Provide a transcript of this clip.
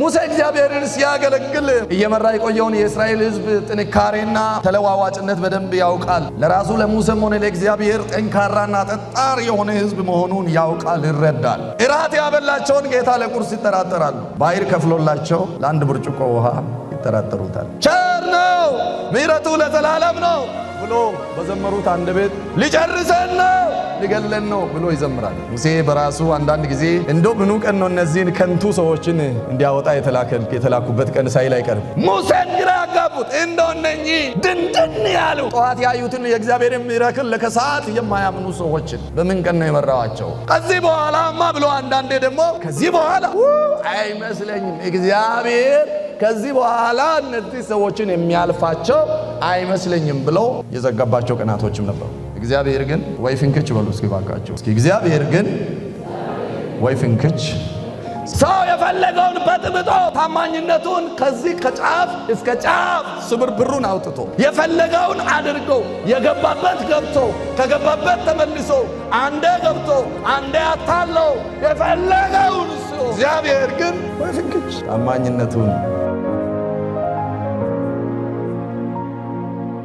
ሙሴ እግዚአብሔርን ሲያገለግል እየመራ የቆየውን የእስራኤል ሕዝብ ጥንካሬና ተለዋዋጭነት በደንብ ያውቃል። ለራሱ ለሙሴም ሆነ ለእግዚአብሔር ጠንካራና ጠጣር የሆነ ሕዝብ መሆኑን ያውቃል፣ ይረዳል። እራት ያበላቸውን ጌታ ለቁርስ ይጠራጠራሉ። ባይር ከፍሎላቸው ለአንድ ብርጭቆ ውሃ ይጠራጠሩታል። ምሕረቱ ለዘላለም ነው ብሎ በዘመሩት አንድ ቤት ሊጨርሰን ነው ሊገለን ነው ብሎ ይዘምራል። ሙሴ በራሱ አንዳንድ ጊዜ እንደ ምኑ ቀን ነው እነዚህን ከንቱ ሰዎችን እንዲያወጣ የተላኩበት ቀን ሳይል አይቀርም። ሙሴን ግራ ያጋቡት እንደው እነኚ ድንድን ያሉ ጠዋት ያዩትን የእግዚአብሔርን ሚረክል ለከሰዓት የማያምኑ ሰዎችን በምን ቀን ነው የመራዋቸው? ከዚህ በኋላማ ብሎ አንዳንዴ ደግሞ ከዚህ በኋላ አይመስለኝም እግዚአብሔር ከዚህ በኋላ እነዚህ ሰዎችን የሚያልፋቸው አይመስለኝም ብለው የዘጋባቸው ቀናቶችም ነበሩ። እግዚአብሔር ግን ወይ ፍንክች በሉ እስኪ ባካቸው፣ እስኪ እግዚአብሔር ግን ወይ ፍንክች ሰው የፈለገውን በጥብጦ ታማኝነቱን ከዚህ ከጫፍ እስከ ጫፍ ስብርብሩን አውጥቶ የፈለገውን አድርጎ የገባበት ገብቶ ከገባበት ተመልሶ አንዴ ገብቶ አንዴ ያታለው የፈለገውን እግዚአብሔር ግን ታማኝነቱን